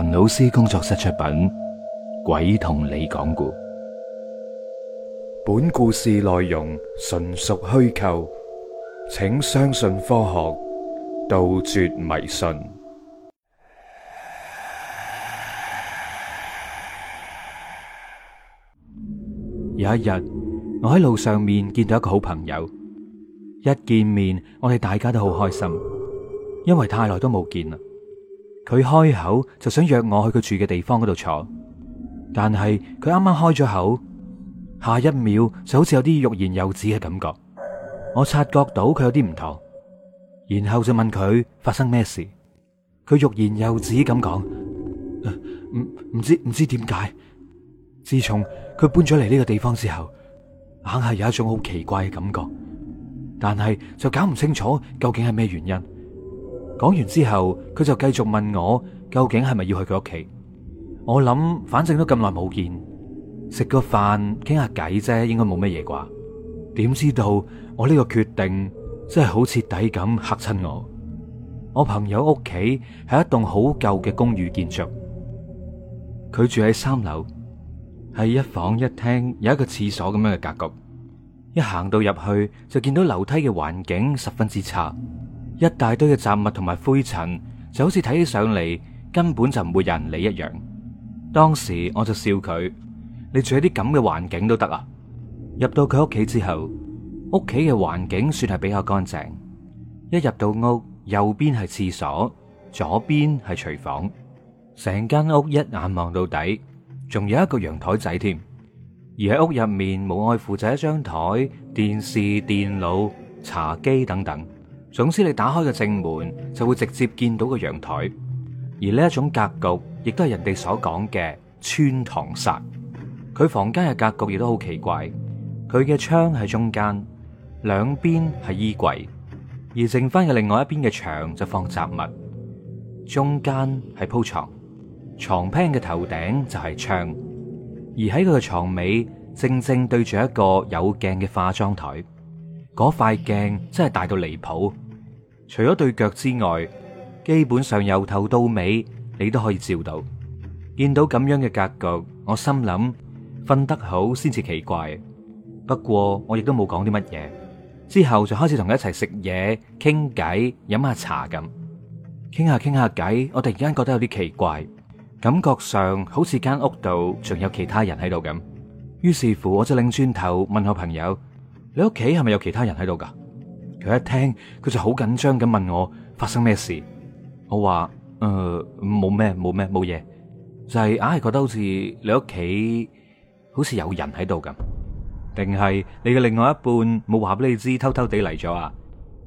陳老師工作室出品《鬼同你講故》，本故事內容純屬虛構，請相信科學，杜絕迷信。有一日，我喺路上面見到一個好朋友，一見面我哋大家都好開心，因為太耐都冇見啦。佢開口就想約我去佢住嘅地方嗰度坐，但係佢啱啱開咗口，下一秒就好似有啲欲言又止嘅感覺。我察覺到佢有啲唔妥，然後就問佢發生咩事。佢欲言又止咁講，唔、呃、唔知唔知點解，自從佢搬咗嚟呢個地方之後，硬係有一種好奇怪嘅感覺，但係就搞唔清楚究竟係咩原因。講完之後，佢就繼續問我究竟係咪要去佢屋企？我諗反正都咁耐冇見，食個飯傾下偈啫，應該冇乜嘢啩？點知道我呢個決定真係好徹底咁嚇親我！我朋友屋企係一棟好舊嘅公寓建築，佢住喺三樓，係一房一廳有一個廁所咁樣嘅格局。一行到入去就見到樓梯嘅環境十分之差。一大堆嘅雜物同埋灰塵，就好似睇起上嚟根本就唔會有人理一樣。當時我就笑佢：你住喺啲咁嘅環境都得啊！入到佢屋企之後，屋企嘅環境算係比較乾淨。一入到屋，右邊係廁所，左邊係廚房，成間屋一眼望到底，仲有一個陽台仔添。而喺屋入面，無外乎就一張台、電視、電腦、茶几等等。總之，你打開個正門就會直接見到個陽台，而呢一種格局亦都係人哋所講嘅穿堂煞。佢房間嘅格局亦都好奇怪，佢嘅窗喺中間，兩邊係衣櫃，而剩翻嘅另外一邊嘅牆就放雜物，中間係鋪床，床鋪嘅頭頂就係窗，而喺佢嘅床尾正正對住一個有鏡嘅化妝台。嗰塊鏡真係大到離譜，除咗對腳之外，基本上由頭到尾你都可以照到。見到咁樣嘅格局，我心諗瞓得好先至奇怪。不過我亦都冇講啲乜嘢。之後就開始同佢一齊食嘢、傾偈、飲下茶咁，傾下傾下偈。我突然間覺得有啲奇怪，感覺上好似間屋度仲有其他人喺度咁。於是乎，我就擰轉頭問下朋友。你屋企係咪有其他人喺度噶佢一聽，佢就好緊張咁問我發生咩事。我話：誒、呃，冇咩冇咩冇嘢，就係硬係覺得好似你屋企好似有人喺度咁，定係你嘅另外一半冇話俾你知偷偷地嚟咗啊？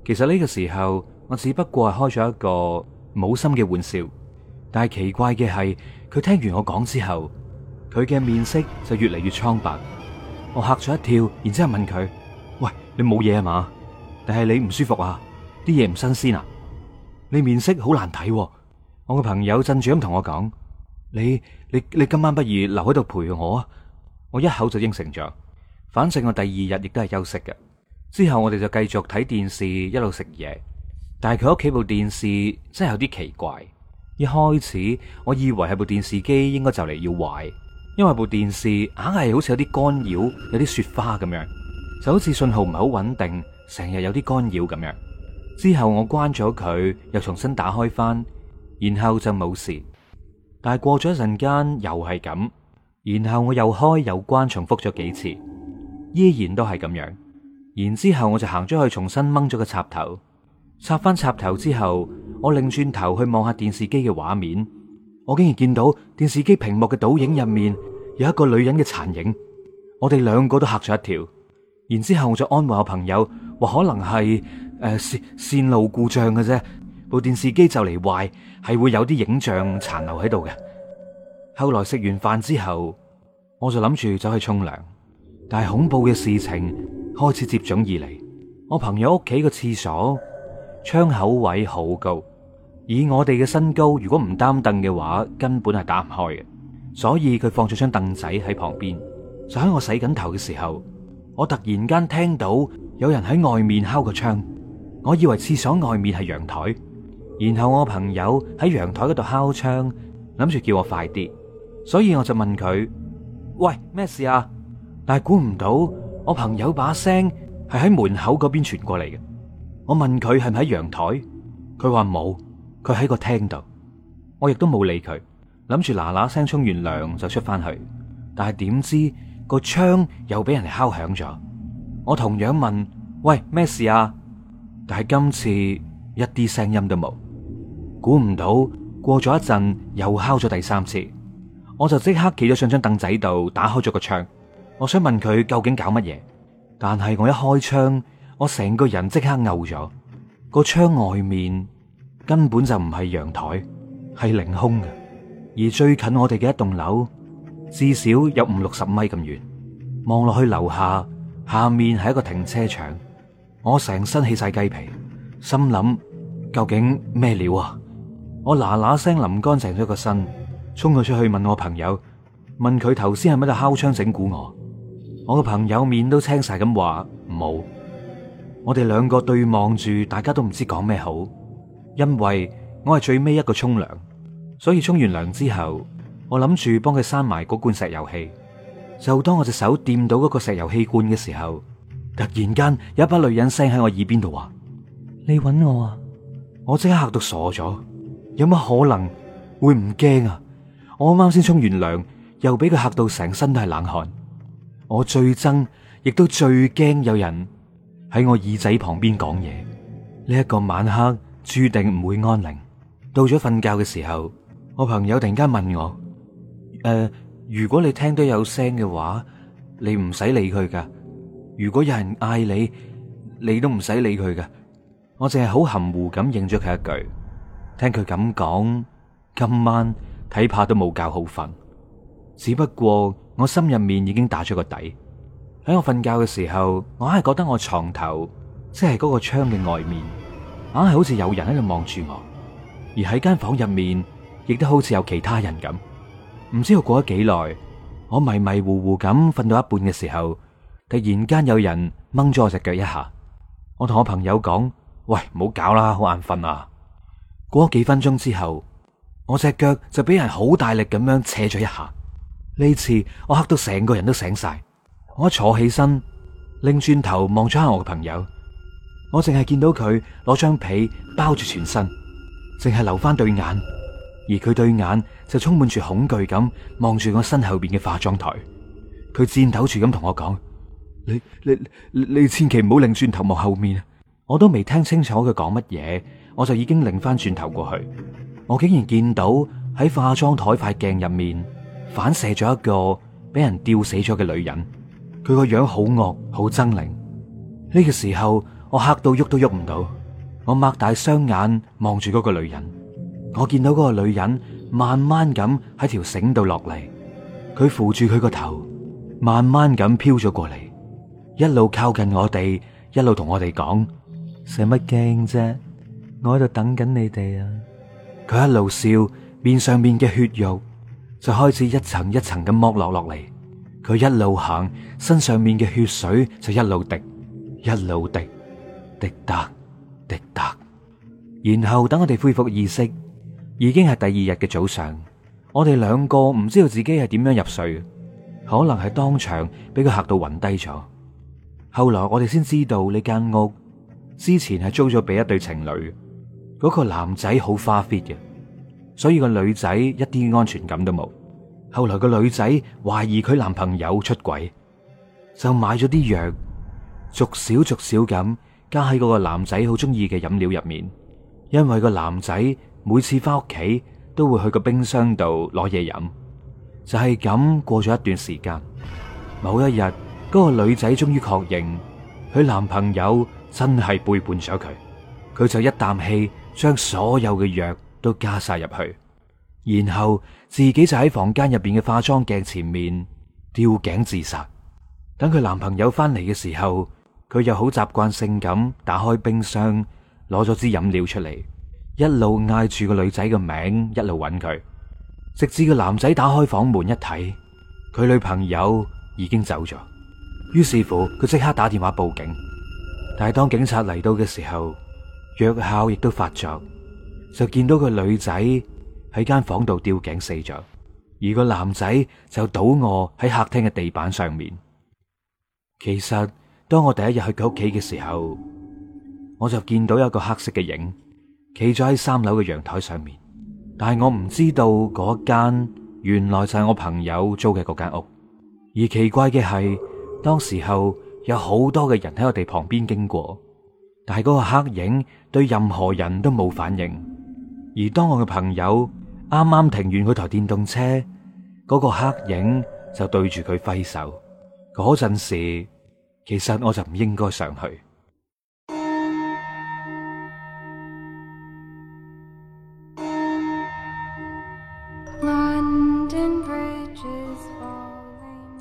其實呢個時候，我只不過係開咗一個冇心嘅玩笑。但係奇怪嘅係，佢聽完我講之後，佢嘅面色就越嚟越蒼白。我吓咗一跳，然之後問佢。喂，你冇嘢吖嘛？定係你唔舒服啊？啲嘢唔新鮮啊？你面色好難睇喎。我個朋友鎮住咁同我講：你你你今晚不如留喺度陪我啊！我一口就應承咗。反正我第二日亦都係休息嘅。之後我哋就繼續睇電視，一路食嘢。但係佢屋企部電視真係有啲奇怪。一開始我以為係部電視機應該就嚟要壞，因為部電視硬係好似有啲干擾，有啲雪花咁樣。就好似信號唔係好穩定，成日有啲干擾咁樣。之後我關咗佢，又重新打開翻，然後就冇事。但係過咗一陣間又係咁，然後我又開又關，重複咗幾次，依然都係咁樣。然之後我就行咗去重新掹咗個插頭，插翻插頭之後，我擰轉頭去望下電視機嘅畫面，我竟然見到電視機屏幕嘅倒影入面有一個女人嘅殘影，我哋兩個都嚇咗一跳。然之後，我就安慰我朋友，話可能係誒線線路故障嘅啫，部電視機就嚟壞，係會有啲影像殘留喺度嘅。後來食完飯之後，我就諗住走去沖涼，但係恐怖嘅事情開始接踵而嚟。我朋友屋企個廁所窗口位好高，以我哋嘅身高，如果唔擔凳嘅話，根本係打唔開嘅，所以佢放咗張凳仔喺旁邊。就喺我洗緊頭嘅時候，我突然間聽到有人喺外面敲個窗，我以為廁所外面係陽台，然後我朋友喺陽台嗰度敲窗，諗住叫我快啲，所以我就問佢：喂，咩事啊？但係估唔到我朋友把聲係喺門口嗰邊傳過嚟嘅。我問佢係唔係喺陽台，佢話冇，佢喺個廳度。我亦都冇理佢，諗住嗱嗱聲沖完涼就出翻去，但係點知？個窗又俾人敲響咗，我同樣問，喂，咩事啊？但係今次一啲聲音都冇，估唔到過咗一陣又敲咗第三次，我就即刻企咗上張凳仔度，打開咗個窗，我想問佢究竟搞乜嘢？但係我一開窗，我成個人即刻嘔咗，個窗外面根本就唔係陽台，係凌空嘅，而最近我哋嘅一棟樓。至少有五六十米咁遠，望落去樓下下面係一個停車場。我成身起晒雞皮，心諗究竟咩料啊！我嗱嗱聲淋乾淨咗個身，沖佢出去問我朋友，問佢頭先係咪度敲窗整蠱我？我個朋友面都青晒咁話冇。我哋兩個對望住，大家都唔知講咩好，因為我係最尾一個沖涼，所以沖完涼之後。我諗住幫佢閂埋嗰罐石油氣，就當我隻手掂到嗰個石油氣罐嘅時候，突然間有一把女人聲喺我耳邊度話：你搵我啊？我即刻吓到傻咗，有乜可能會唔驚啊？我啱啱先沖完涼，又俾佢嚇到成身都係冷汗。我最憎，亦都最驚有人喺我耳仔旁邊講嘢。呢一個晚黑注定唔會安寧。到咗瞓覺嘅時候，我朋友突然間問我。誒，uh, 如果你聽到有聲嘅話，你唔使理佢噶。如果有人嗌你，你都唔使理佢噶。我淨係好含糊咁應咗佢一句。聽佢咁講，今晚睇怕都冇覺好瞓。只不過我心入面已經打咗個底。喺我瞓覺嘅時候，我硬係覺得我床頭即係嗰個窗嘅外面，硬係好似有人喺度望住我，而喺間房入面亦都好似有其他人咁。唔知道我過咗幾耐，我迷迷糊糊咁瞓到一半嘅時候，突然間有人掹咗我隻腳一下。我同我朋友講，喂，唔好搞啦，好眼瞓啊！過咗幾分鐘之後，我隻腳就俾人好大力咁樣扯咗一下。呢次我吓到成個人都醒晒。我一坐起身，擰轉頭望咗下我嘅朋友，我淨係見到佢攞張被包住全身，淨係留翻對眼。而佢對眼就充滿住恐懼咁望住我身後邊嘅化妝台，佢顫抖住咁同我講：你、你、你千祈唔好擰轉頭望後面啊！我都未聽清楚佢講乜嘢，我就已經擰翻轉頭過去，我竟然見到喺化妝台塊鏡入面反射咗一個俾人吊死咗嘅女人，佢個樣好惡好猙獰。呢、這個時候我嚇到喐都喐唔到，我擘大雙眼望住嗰個女人。我見到嗰個女人慢慢咁喺條繩度落嚟，佢扶住佢個頭，慢慢咁飄咗過嚟，一路靠近我哋，一路同我哋講：「使乜驚啫？我喺度等緊你哋啊！」佢一路笑，面上面嘅血肉就開始一層一層咁剝落落嚟，佢一路行，身上面嘅血水就一路滴，一路滴，滴嗒、滴嗒。然後等我哋恢復意識。已經係第二日嘅早上，我哋兩個唔知道自己係點樣入睡，可能係當場俾佢嚇到暈低咗。後來我哋先知道呢間屋之前係租咗俾一對情侶，嗰個男仔好花 fit 嘅，所以個女仔一啲安全感都冇。後來個女仔懷疑佢男朋友出軌，就買咗啲藥，逐少逐少咁加喺嗰個男仔好中意嘅飲料入面，因為個男仔每次翻屋企都會去個冰箱度攞嘢飲，就係噉過咗一段時間。某一日，嗰個女仔終於確認佢男朋友真係背叛咗佢，佢就一啖氣將所有嘅藥都加晒入去，然後自己就喺房間入邊嘅化妝鏡前面吊頸自殺。等佢男朋友翻嚟嘅時候，佢又好習慣性咁打開冰箱攞咗支飲料出嚟。一路嗌住個女仔嘅名，一路揾佢，直至個男仔打開房門一睇，佢女朋友已經走咗。於是乎，佢即刻打電話報警。但係當警察嚟到嘅時候，藥效亦都發作，就見到個女仔喺間房度吊頸死咗，而個男仔就倒臥喺客廳嘅地板上面。其實當我第一日去佢屋企嘅時候，我就見到有個黑色嘅影，企咗喺三樓嘅陽台上面，但係我唔知道嗰間原來就係我朋友租嘅嗰間屋。而奇怪嘅係，當時候有好多嘅人喺我哋旁邊經過，但係嗰個黑影對任何人都冇反應。而當我嘅朋友啱啱停完佢台電動車，嗰個黑影就對住佢揮手。嗰陣時，其實我就唔應該上去。